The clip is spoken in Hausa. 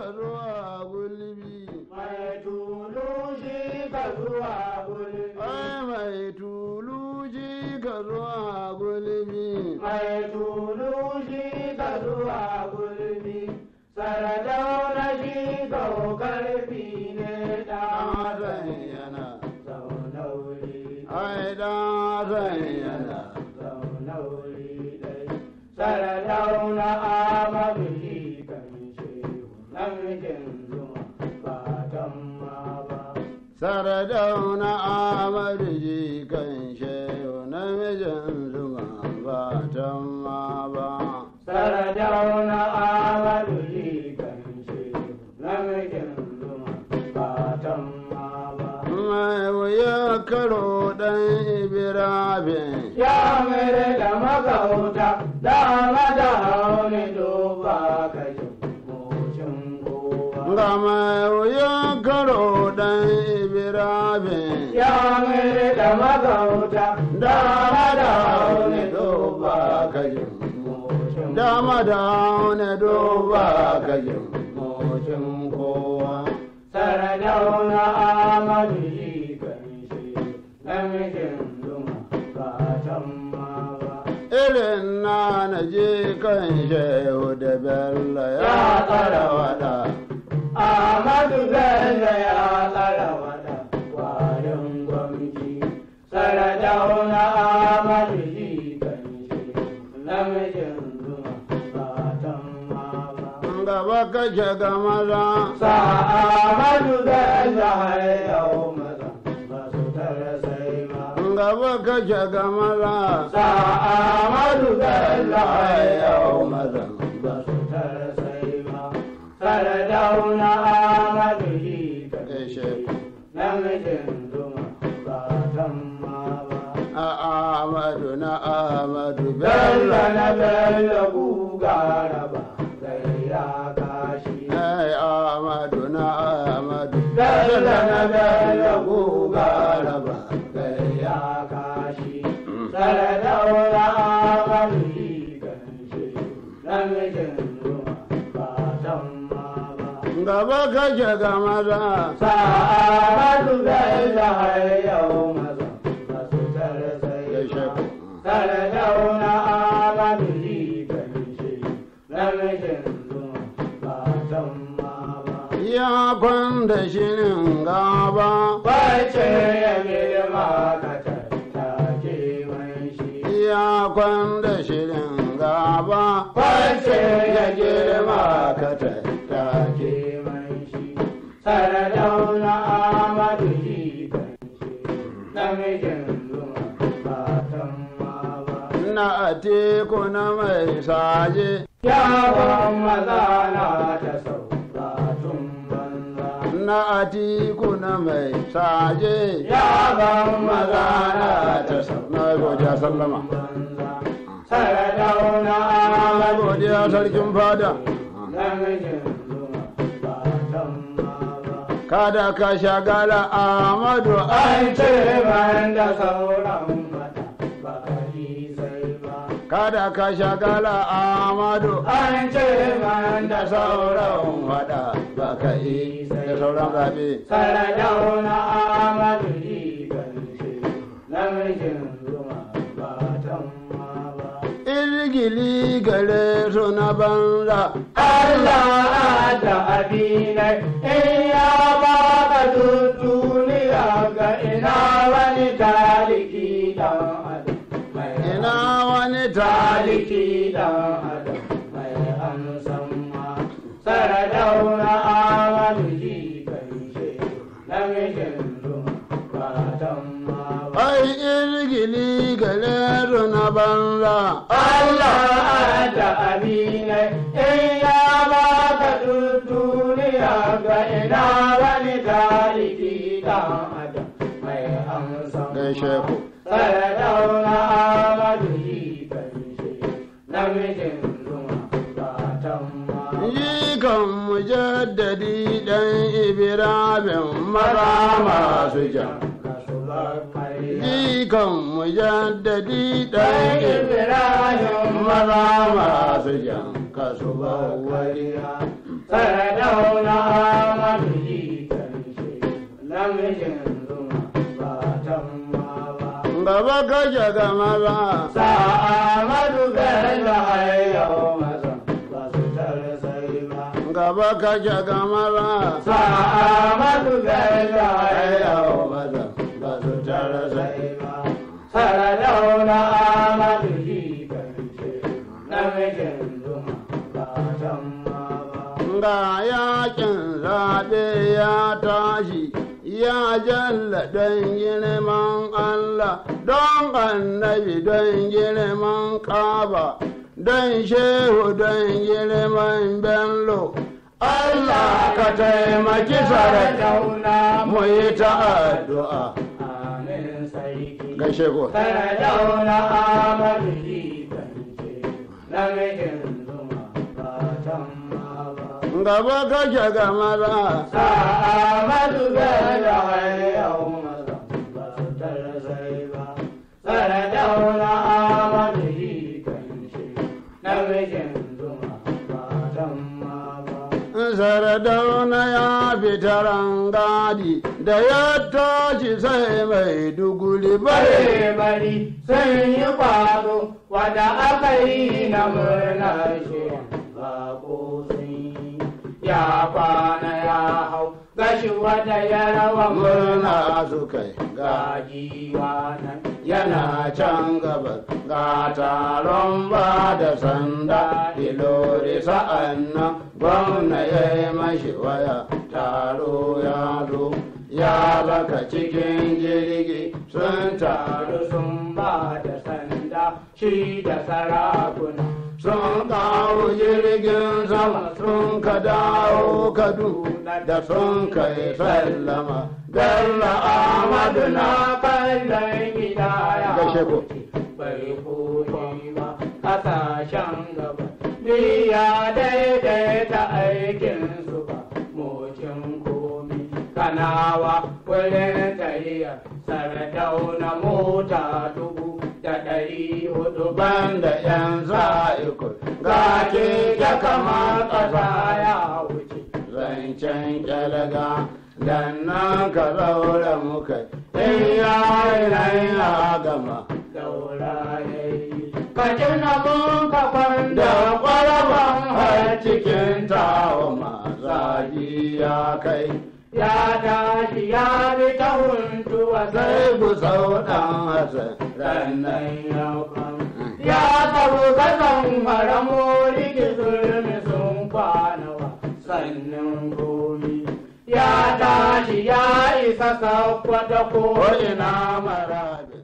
ka zuwa gulbi mai tulu shi ka zuwa gulbi ai mai tulu shi ka zuwa gulbi mai tulu shi ka zuwa gulbi shi karfi ne ta zayyana ai da zayyana dai dauna amarji kan shehu namijin zuma ba tan ma ba. Saradauna amarji kan shehu namijin zuma ba tan ma ba. Mai wuya karo ɗan ibirabin. Ya mere da makauta da mada hauni duba kashin gocin gowa. Ga mai yawon da magauta dama da wani duba ka yi dama da wani duba ka mucin kowa sardauna amadu yi kan shi namijin duma ba can ma ba irin na na je kan shehu da bello ya tsara wada amadu bello ya tsara wada fir'auna amalihi ce namijin zuma fatan mama gaba kashe ga maza sa'amadu zai zahar yau maza masu tare sai ma gaba kashe ga maza sa'amadu zai zahar yau maza gaba ka shiga maza sa'adu zai da yau maza masu tare ga na ya kwanda gaba kwace ya girma ka tattake mai shi ya kwanda shirin gaba kwace ya girma ka tattake kuna mai saje. Yawon maza na ta sauratun banza. Na ati kuna mai saje. Yawon maza na ta sauratun Na godiya sallama. Saradauna. Na godiya sarkin fada. Kada ka shagala Amadu an ce ban da sauran kada ka shagala amadu an ce man da sauran wada ba ka yi da sauran zabe saradau na amadu Irgili gare su na banza Allah da abinai Ai irgili galeru na banza. Allah da amina in ya baka duniya ga ina wani tariki dan adam mai amsa. rabin maza masu jan Jikan mujaddadi ɗan Ibrahim maza masu jan kasu ba bawariya. Saradauna Ahmadu jikan shi namijin zuma ba tamma ba. Gaba gaje gama ba. Sa'amadu da hayyau baba ka jaga mara sa'amatu gaida ayyau maza ba su tara sai ba saradau na amadu shi karfe na mijin zuma ba san ma ba ga yakin zaɓe ya tashi ya jalla don girman Allah don annabi don girman ƙaba don shehu don girman bello Allah ka taimaki saradauna mu yi ta addu'a. Gaishe ko. Saradauna amari jikance, lamirin zuma fatan Gaba kake ga maza. Amadu bai da hanyar dauna ya fita rangadi da ya tashi sai mai duguri bari bari sai yi kwado wada aka yi na murna shi ba ya kwana ya hau kashin wata ya rawa murna suka ga giwa yana can gaba ga taron ba da sanda ilori sa'an nan gwamna ya yi mashi waya taro ya zo ya baka cikin jirgi sun taru sun ba da sanda shi da sarakuna sun kawo jirgin sama sun ka dawo kaduna da sun ka yi e sallama galla amadu na kallon gida ya bai kuri ba kasashen gaba biya daidaita aikinsu e ba mocin komi kanawa wurin kudu banda yan zaiku ga ke da kama ƙasa ya wuce zancen ƙyalaga dan nan ka zaura muka in yi. nan ya gama daura yayi ka tuna mun ka kwanda kwalaban har cikin tawa mazaji ya kai ya tashi ya bi ta huntuwa sai ku gusau ɗan hasan rannan yau ya tsaro kasan haramu riki zulmi sun kwanawa sannan gomi ya tashi ya isa sakwata ko ina mara bi.